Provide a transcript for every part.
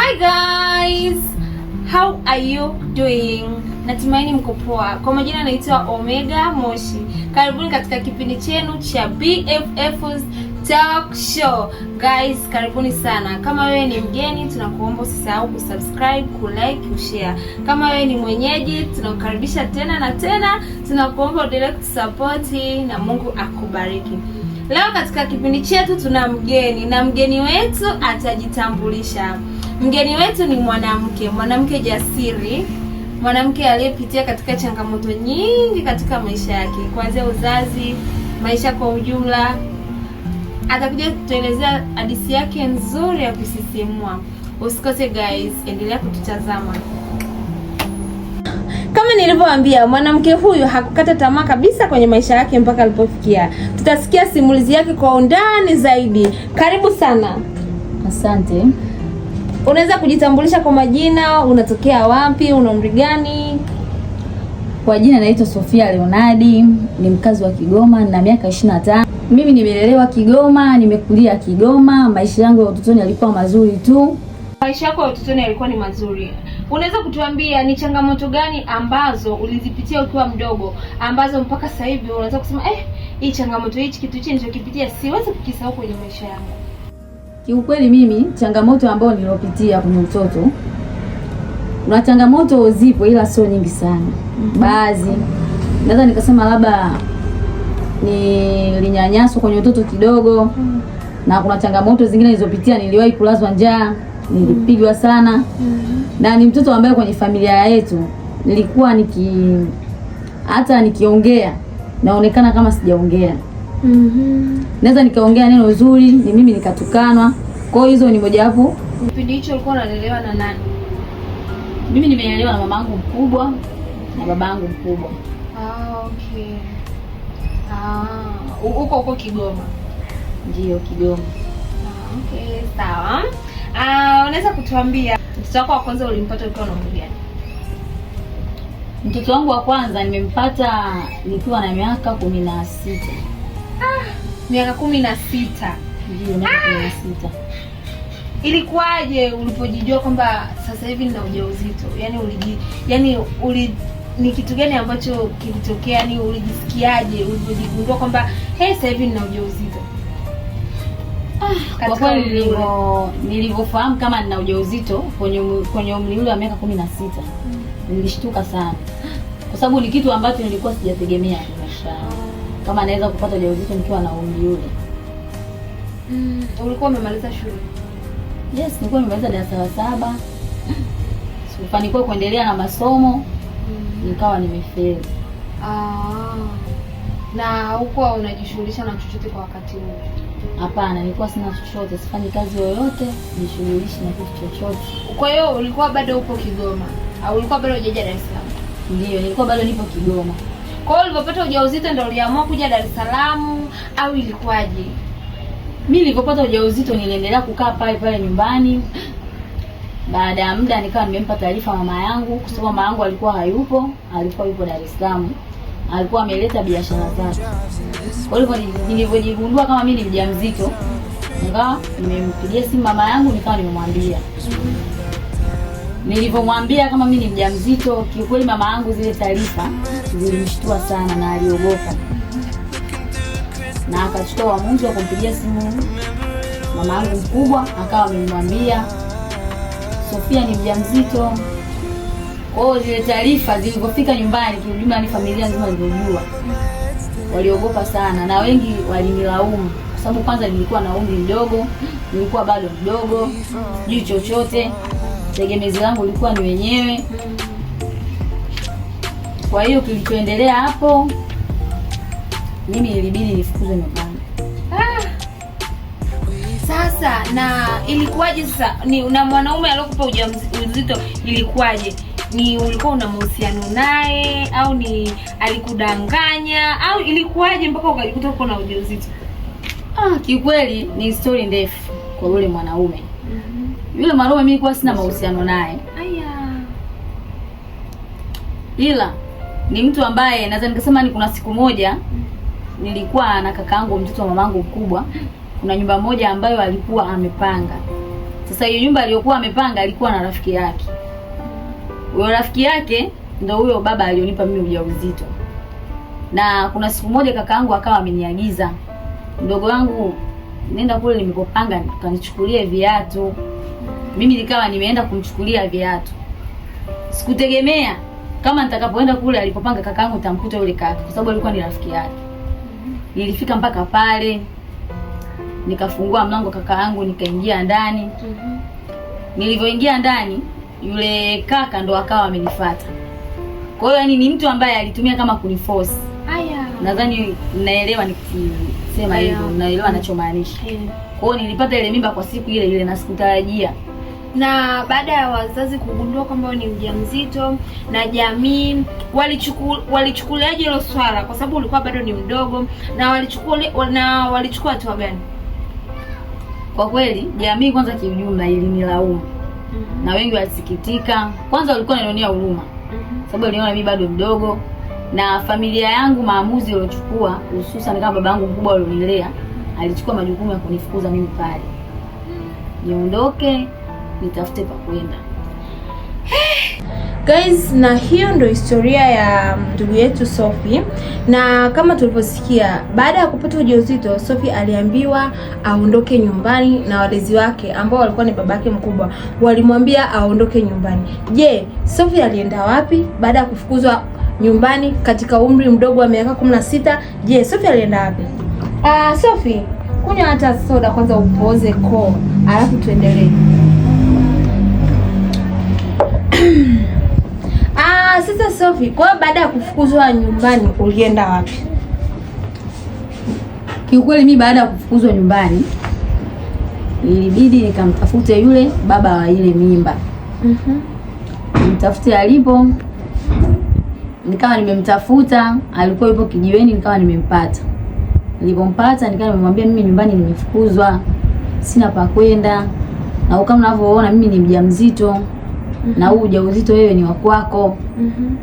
Hi guys, how are you doing? Natumaini mko poa. Kwa majina naitwa Omega Moshi. Karibuni katika kipindi chenu cha BFF's Talk Show. Guys, karibuni sana. Kama wewe ni mgeni, tunakuomba usisahau kusubscribe, kulike, kushare. Kama wewe ni mwenyeji, tunakukaribisha tena na tena, tunakuomba uendelee kutusupport na Mungu akubariki. Leo katika kipindi chetu tuna mgeni na mgeni wetu atajitambulisha. Mgeni wetu ni mwanamke, mwanamke jasiri, mwanamke aliyepitia katika changamoto nyingi katika maisha yake, kuanzia uzazi, maisha kwa ujumla. Atakuja kutuelezea hadithi yake nzuri ya kusisimua. Usikose guys, endelea kututazama. Kama nilivyowaambia, mwanamke huyu hakukata tamaa kabisa kwenye maisha yake mpaka alipofikia. Tutasikia simulizi yake kwa undani zaidi. Karibu sana. Asante. Unaweza kujitambulisha kwa majina, unatokea wapi, una umri gani? Kwa jina naitwa Sofia Leonardi, ni mkazi wa Kigoma na miaka 25. Mimi nimelelewa Kigoma, nimekulia Kigoma, maisha yangu ya utotoni yalikuwa mazuri tu. Maisha yako ya utotoni yalikuwa ni mazuri. Unaweza kutuambia ni changamoto gani ambazo ulizipitia ukiwa mdogo ambazo mpaka sasa hivi unaweza kusema eh, hii changamoto hichi kitu hichi nilichokipitia siwezi kukisahau kwenye maisha yangu? Kiukweli mimi changamoto ambayo niliopitia kwenye utoto, kuna changamoto zipo, ila sio nyingi sana. Mhm. Baadhi naweza nikasema labda nilinyanyaswa kwenye utoto kidogo, mhm. na kuna changamoto zingine nilizopitia. Niliwahi kulazwa njaa, nilipigwa mhm. sana, na ni mtoto ambaye kwenye familia yetu nilikuwa niki hata nikiongea naonekana kama sijaongea mm -hmm. Naweza nikaongea neno zuri, ni mimi nikatukanwa. Kwa hiyo hizo ni mojawapo. Kipindi hicho ulikuwa unalelewa na nani? Mimi nimelelewa na mamangu mkubwa na babangu mkubwa. Ah, okay. Ah, uko uko Kigoma? Ndio, Kigoma. Ah, okay, sawa. Ah, unaweza kutuambia mtoto wako wa kwanza ulimpata ukiwa na umri gani? Mtoto wangu wa kwanza nimempata nikiwa na miaka kumi na sita miaka kumi na sita Ilikuwaje ulipojijua kwamba sasa hivi nina ujauzito? Yani uliji, yani uli ni kitu gani ambacho kilitokea? Ni yaani ulijisikiaje ulipojigundua kwamba hey, sasa hivi nina ujauzito? Ah, kwa kweli nilivyo nilivyofahamu kama nina ujauzito kwenye um, kwenye umri ule wa miaka kumi na sita, mm. nilishtuka sana kwa sababu ni kitu ambacho nilikuwa sijategemea kama anaweza kupata ujauzito mkiwa na umri ule. Mm, ulikuwa umemaliza shule? Yes, nilikuwa nimemaliza darasa la saba. Sikufanikiwa kuendelea na masomo. Mm. Nikawa nimefeli. Ah. Na huko unajishughulisha na chochote kwa wakati huu? Hapana, nilikuwa sina chochote, sifanyi kazi yoyote, nishughulishi na kitu chochote. Kwa hiyo ulikuwa bado upo Kigoma au ulikuwa bado hujaja Dar es Salaam? Ndio, nilikuwa bado nipo Kigoma. Kwa hiyo ulipopata ujauzito ndio uliamua kuja Dar es Salaam au ilikuwaje? Mimi nilipopata ujauzito niliendelea kukaa pale pale nyumbani. Baada ya muda nikawa nimempa taarifa mama yangu, kwa sababu mama yangu alikuwa hayupo, alikuwa yupo Dar es Salaam. Alikuwa ameleta biashara zake. Kwa hiyo nilipojigundua kama mimi ni mjamzito, nikawa nimempigia simu mama yangu, nikawa nimemwambia Nilivyomwambia kama mimi ni mjamzito, kiukweli mama yangu zile taarifa zilimshtua sana na aliogopa, na akachukua uamuzi wa kumpigia simu mama yangu mkubwa, akawa amemwambia Sofia ni mjamzito. Kwa hiyo zile taarifa zilivyofika nyumbani, kiujumla ni familia nzima ilivyojua, waliogopa sana na wengi walinilaumu kwa sababu kwanza nilikuwa na umri mdogo, nilikuwa bado mdogo, sijui chochote tegemezi langu ulikuwa ni wenyewe. Kwa hiyo kilichoendelea hapo, mimi ilibidi nifukuzwe nyumbani. Sasa na ilikuwaje? Sasa ni na mwanaume aliokupa ujauzito ilikuwaje? Ni ulikuwa una mahusiano naye au ni alikudanganya au ilikuwaje mpaka ukajikuta uko na ujauzito? Ah, kikweli ni story ndefu kwa yule mwanaume yule Marume mimi kwa sina mahusiano naye. Aya. Ila ni mtu ambaye naweza nikasema ni kuna siku moja mm. nilikuwa na kakaangu mtoto wa mamangu mkubwa, mm. kuna nyumba moja ambayo alikuwa amepanga. Sasa hiyo nyumba aliyokuwa amepanga alikuwa na rafiki yake. Huyo rafiki yake ndio huyo baba alionipa mimi ujauzito. Na kuna siku moja kakaangu akawa ameniagiza, mdogo wangu, nenda kule nimekopanga kanichukulie viatu mimi nikawa nimeenda kumchukulia viatu. Sikutegemea kama nitakapoenda kule alipopanga kakaangu nitamkuta yule kaka, kwa sababu alikuwa ni rafiki yake. Nilifika mpaka pale nikafungua mlango kakaangu, nikaingia ndani. Nilivyoingia ndani, yule kaka ndo akawa amenifuata. Kwa hiyo yani ni mtu ambaye alitumia kama kuniforce. Haya. Nadhani naelewa nikisema hivyo, naelewa mm. anachomaanisha. Mm. Kwa hiyo nilipata ile mimba kwa siku ile ile na sikutarajia na baada ya wazazi kugundua kwamba ni mjamzito na jamii walichukuliaje hilo swala, kwa sababu ulikuwa bado ni mdogo, na walichukua na walichukua hatua gani? Kwa kweli jamii kwanza kiujumla ilinilaumu mm -hmm. na wengi walisikitika. Kwanza walikuwa wananionea huruma mm -hmm. sababu waliona mimi bado mdogo, na familia yangu maamuzi iliochukua, hususan kama babangu mkubwa alionilea, alichukua majukumu ya kunifukuza mimi pale mm-hmm. niondoke nitafute pa kwenda. Guys, na hiyo ndo historia ya ndugu yetu Sophie. Na kama tulivyosikia, baada ya kupata ujauzito, Sophie aliambiwa aondoke nyumbani na walezi wake ambao walikuwa ni babake mkubwa walimwambia aondoke nyumbani. Je, Sophie alienda wapi baada ya kufukuzwa nyumbani katika umri mdogo wa miaka 16? Je, Sophie alienda wapi? Ah, Sophie, kunywa hata soda kwanza upoze koo, alafu tuendelee. safi. Kwa hiyo baada ya kufukuzwa nyumbani ulienda wapi? Kiukweli mi baada ya kufukuzwa nyumbani ilibidi nikamtafute yule baba wa ile mimba mhm. nimtafute mm -hmm. alipo nikawa nimemtafuta, alikuwa yupo kijiweni, nikawa nimempata. Nilipompata nikawa nimemwambia mimi nyumbani nimefukuzwa, sina pa kwenda, na kama unavyoona mimi ni mjamzito na huu ujauzito wewe ni wa kwako mm -hmm.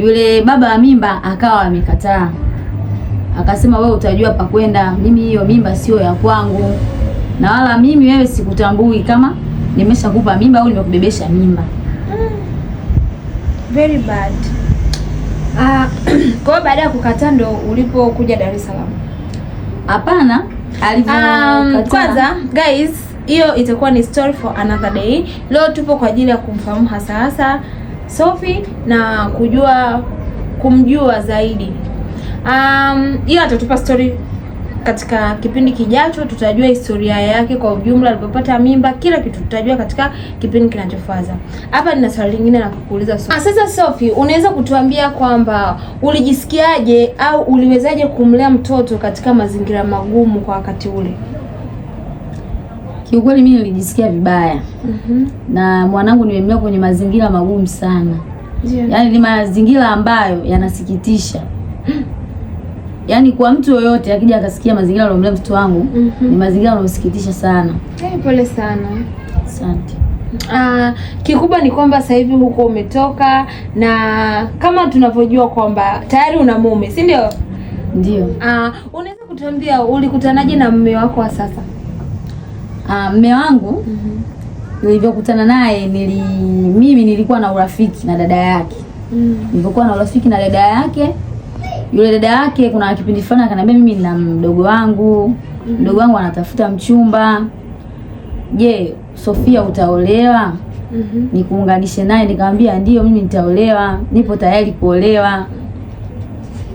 Yule baba wa mimba akawa amekataa, akasema wewe utajua pa kwenda, mimi hiyo mimba sio ya kwangu, na wala mimi wewe sikutambui kama nimeshakupa mimba au nimekubebesha mimba mm. Very bad. Uh, kwa baada ya kukataa ndo ulipokuja Dar es Salaam? Hapana, alivyokataa. Um, kwanza guys hiyo itakuwa ni story for another day. Leo tupo kwa ajili ya kumfahamu hasa hasa Sophie na kujua kumjua zaidi. Um, hiyo atatupa story katika kipindi kijacho, tutajua historia yake kwa ujumla, alipopata mimba, kila kitu tutajua katika kipindi kinachofuata. Hapa nina swali lingine la kukuuliza Sophie. Ah, sasa Sophie, unaweza kutuambia kwamba ulijisikiaje au uliwezaje kumlea mtoto katika mazingira magumu kwa wakati ule? Kiukweli mimi nilijisikia vibaya mm -hmm. na mwanangu nimemlea kwenye mazingira magumu sana yeah. Yaani ni mazingira ambayo yanasikitisha yaani kwa mtu yoyote akija akasikia mazingira aliyomlea mtoto wangu mm -hmm. ni mazingira yanayosikitisha sana. Hey, eh, pole sana. Asante. Uh, kikubwa ni kwamba sasa hivi huko umetoka na kama tunavyojua kwamba tayari una mume, si ndio? Ndio. Uh, unaweza kutuambia ulikutanaje na mume wako wa sasa? Ah, mme wangu mm -hmm. nilivyokutana naye nili, mimi nilikuwa na urafiki na dada yake mm. nilivyokuwa na urafiki na dada yake yule dada yake, kuna kipindi fulani akaniambia, mimi nina mdogo wangu mhm. mdogo wangu anatafuta mchumba, je, Sofia utaolewa? mm -hmm. nikuunganishe naye. Nikamwambia ndio, mimi nitaolewa, nipo tayari kuolewa.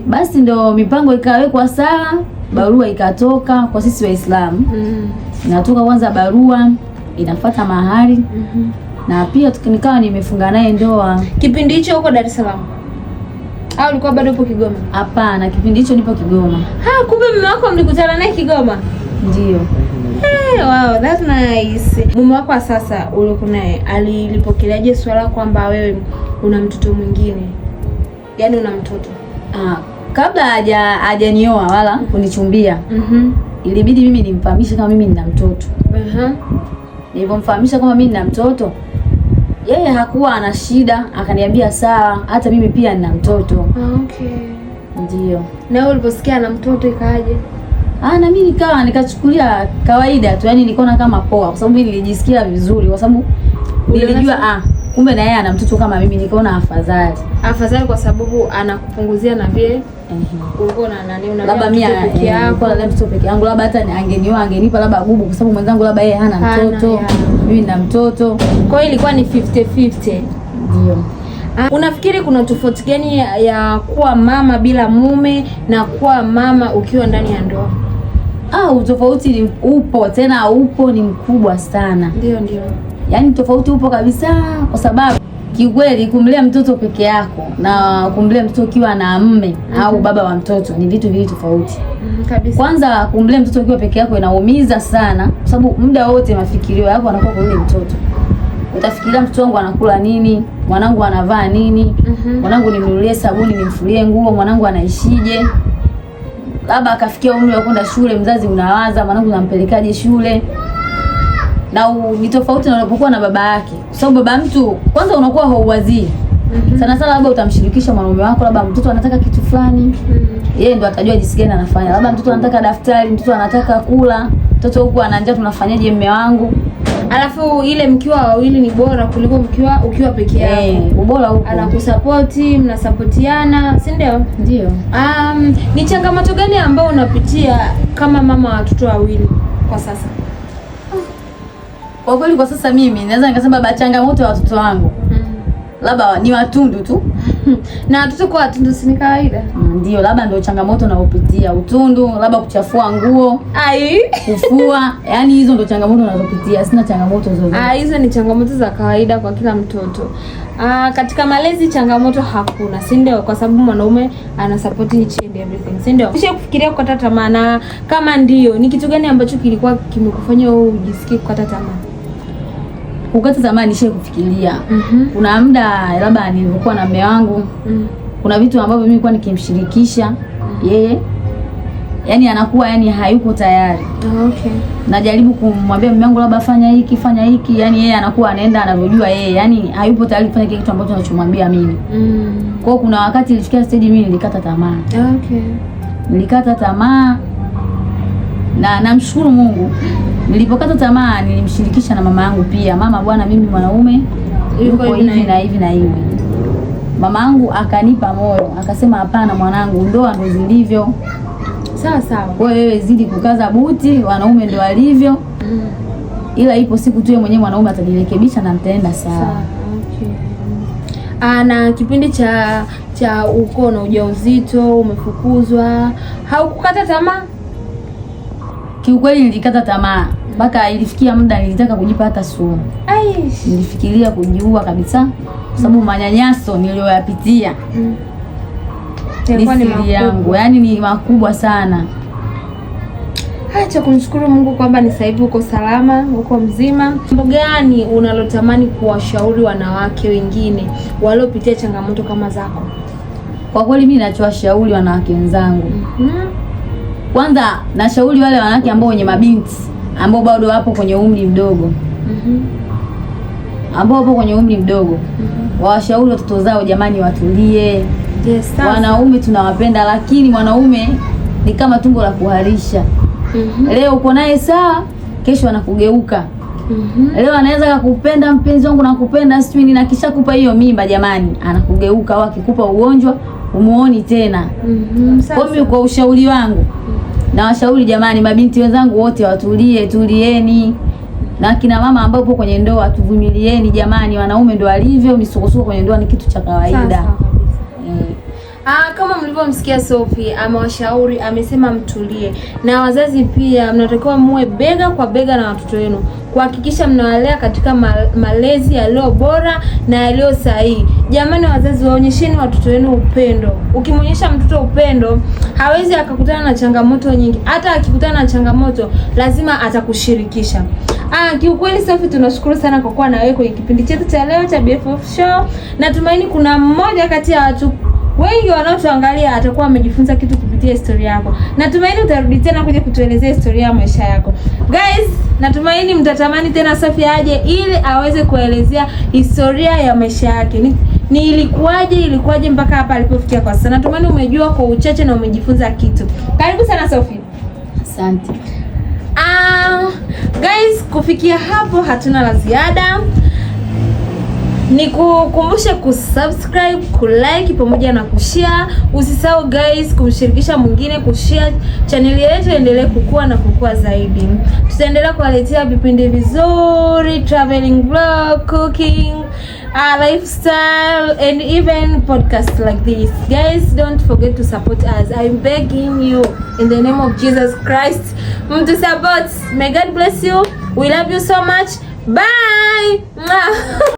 Basi ndo mipango ikawekwa sawa barua ikatoka kwa sisi Waislamu mm -hmm. natoka kwanza barua inafuata mahari mm -hmm. Na pia nikawa nimefunga naye ndoa. Kipindi hicho huko Dar es Salaam au ulikuwa bado upo Kigoma? Hapana, kipindi hicho nipo Kigoma. Ha, kumbe mume wako mlikutana naye Kigoma? Ndio. Hey, wow, that's nice. Mume wako wa sasa ulikuwa naye alilipokeleaje swala kwamba wewe una mtoto mwingine, yaani una mtoto? Ah kabla haja hajanioa wala kunichumbia mm -hmm. ilibidi mimi nimfahamishe kama mimi nina mtoto mm -hmm. Nilipomfahamisha kama mimi nina mtoto, yeye hakuwa ana shida, akaniambia sawa, hata mimi pia nina mtoto. Okay, ndio. Na wewe uliposikia ana mtoto ikaje? Ah, na mimi nikawa nikachukulia kawaida tu, yani nikaona kama poa, kwa sababu mimi nilijisikia vizuri, kwa sababu nilijua ah kumbe na yeye ana mtoto kama mimi, nikaona afadhali. Afadhali kwa sababu anakupunguzia na vile Mhm. labda mimi eh, mtoto peke yangu, labda hata angenioa angenipa labda gubu, kwa sababu mwenzangu labda yeye hana mtoto, mimi nina mtoto. Kwa hiyo ilikuwa ni 50 50. Ndio. Ah, unafikiri kuna tofauti gani ya, ya kuwa mama bila mume na kuwa mama ukiwa ndani ya ndoa? Ah, utofauti ni upo, tena upo ni mkubwa sana. Ndio, ndio. Yaani tofauti upo kabisa kwa sababu Kiukweli, kumlea mtoto peke yako na kumlea mtoto ukiwa na mme mm -hmm. au mhm. baba wa mtoto ni vitu viwili tofauti mm -hmm, kabisa. Kwanza kumlea mtoto ukiwa peke yako inaumiza sana, kwa sababu muda wote mafikirio yako anakuwa kwa yule mtoto. Utafikiria mtoto wangu anakula nini, mwanangu anavaa nini, mm -hmm. mwanangu nimnunulie sabuni, nimfulie nguo, mwanangu anaishije, labda akafikia umri wa kwenda shule, mzazi unawaza mwanangu nampelekaje shule na ni tofauti na unapokuwa na baba yake, kwa sababu baba mtu kwanza unakuwa hauwazii mm -hmm. Sana sana labda utamshirikisha mwanaume wako, labda mtoto anataka kitu fulani mm -hmm. Yeye ndo atajua jinsi gani anafanya, labda mtoto anataka daftari, mtoto anataka kula, mtoto huku ana tunafanyaje mme wangu? Alafu ile mkiwa wawili ni bora kuliko mkiwa ukiwa peke eh, yako. Hey, ubora huko. Anakusapoti, mnasapotiana, si ndio? Ndio. Um, ni changamoto gani ambayo unapitia kama mama wa watoto wawili kwa sasa? Kwa kweli kwa sasa mimi naweza nikasema baba, changamoto ya watoto wangu mm. labda ni watundu tu na watoto kwa watundu si ni kawaida mm, ndio, labda ndio changamoto naopitia utundu, labda kuchafua nguo ai kufua, yani hizo ndio changamoto nazopitia. Sina changamoto zozote. Ah, hizo ni changamoto za kawaida kwa kila mtoto. Ah, katika malezi changamoto hakuna, si ndio? Kwa sababu mwanaume ana support each and everything, si ndio? Kisha kufikiria kukata tamaa, kama ndio, ni kitu gani ambacho kilikuwa kimekufanya wewe ujisikie kukata tamaa? ukati zamani nishie kufikiria mm -hmm. Kuna muda labda nilikuwa na mume wangu mm -hmm. Kuna vitu ambavyo mimi nilikuwa nikimshirikisha yeye yani anakuwa yani hayuko tayari. Oh, okay. Najaribu kumwambia mume wangu labda fanya hiki fanya hiki, yani yeye anakuwa anaenda anavyojua yeye, yani hayupo tayari kufanya kile kitu ambacho nachomwambia mimi mm. Kwa kuna wakati ilifikia stage mimi nilikata tamaa. Okay. Nilikata tamaa na namshukuru Mungu Nilipokata tamaa nilimshirikisha na mama yangu pia, mama bwana, mimi mwanaume yuko hivi na hivi na hivi. Mama yangu akanipa moyo, akasema hapana mwanangu, ndoa ndo zilivyo. Sawa sawa, wewe zidi kukaza buti, wanaume ndo alivyo mm. Ila ipo siku tu yeye mwenyewe mwanaume atajirekebisha na mtaenda sawa. Ah, na kipindi cha cha uko na ujauzito umefukuzwa, haukukata tamaa? Kiukweli nilikata tamaa mpaka ilifikia muda nilitaka kujipa hata sumu. Aish. Nilifikiria kujiua kabisa kwa sababu manyanyaso niliyoyapitia mm. ni yangu yani ni makubwa sana. Acha kumshukuru Mungu kwamba ni sasa hivi uko salama, uko mzima. Jambo gani unalotamani kuwashauri wanawake wengine waliopitia changamoto kama zako? Kwa kweli mimi nachowashauri wanawake wenzangu, mm -hmm. Kwanza nashauri wale wanawake ambao wenye mabinti ambao bado wapo kwenye umri mdogo mm -hmm. ambao wapo kwenye umri mdogo mm -hmm. wawashauri watoto zao, jamani, watulie. Yes, wanaume tunawapenda, lakini mwanaume ni kama tumbo la kuharisha mm -hmm. leo uko naye sawa, kesho anakugeuka mm -hmm. leo anaweza kukupenda mpenzi wangu, nakupenda sijui nini, kisha kupa hiyo mimba, jamani, anakugeuka au akikupa ugonjwa umuoni tena mm -hmm. kwa ushauri wangu mm -hmm na washauri jamani, mabinti wenzangu wote watulie, tulieni na kina mama ambao po kwenye ndoa tuvumilieni jamani, wanaume ndo walivyo, misukosuko kwenye ndoa ni kitu cha kawaida. Ah, kama mlivyomsikia Sophie amewashauri, amesema mtulie, na wazazi pia mnatakiwa muwe bega kwa bega na watoto wenu kuhakikisha mnawalea katika malezi yaliyo bora na yaliyo sahihi. Jamani wazazi, waonyesheni watoto wenu upendo. Ukimwonyesha mtoto upendo, hawezi akakutana na changamoto nyingi. Hata akikutana na changamoto, lazima atakushirikisha. Ah, kiukweli Sophie, tunashukuru sana kwa kuwa na wewe kwenye kipindi chetu cha leo cha BFF Show. Natumaini kuna mmoja kati ya watu wengi wanaotuangalia watakuwa wamejifunza kitu kupitia historia yako. Natumaini utarudi tena kuja kutuelezea historia ya maisha yako. Guys, natumaini mtatamani tena Safi aje ili aweze kuelezea historia ya maisha yake. Ni, ni ilikuwaje ilikuwaje mpaka hapa alipofikia kwa sasa. Natumani umejua kwa uchache na umejifunza kitu. Karibu sana Safi. Asante. Ah, uh, guys kufikia hapo hatuna la ziada ni Nikukumbushe kusubscribe, kulike pamoja na kushare. Usisahau guys kumshirikisha mwingine kushare. Chaneli yetu endelee kukua na kukua zaidi. Tutaendelea kuwaletea vipindi vizuri, traveling vlog, cooking, uh, lifestyle and even podcast like this. Guys, don't forget to support us. I'm begging you in the name of Jesus Christ. Mtu support. May God bless you. We love you so much. Bye.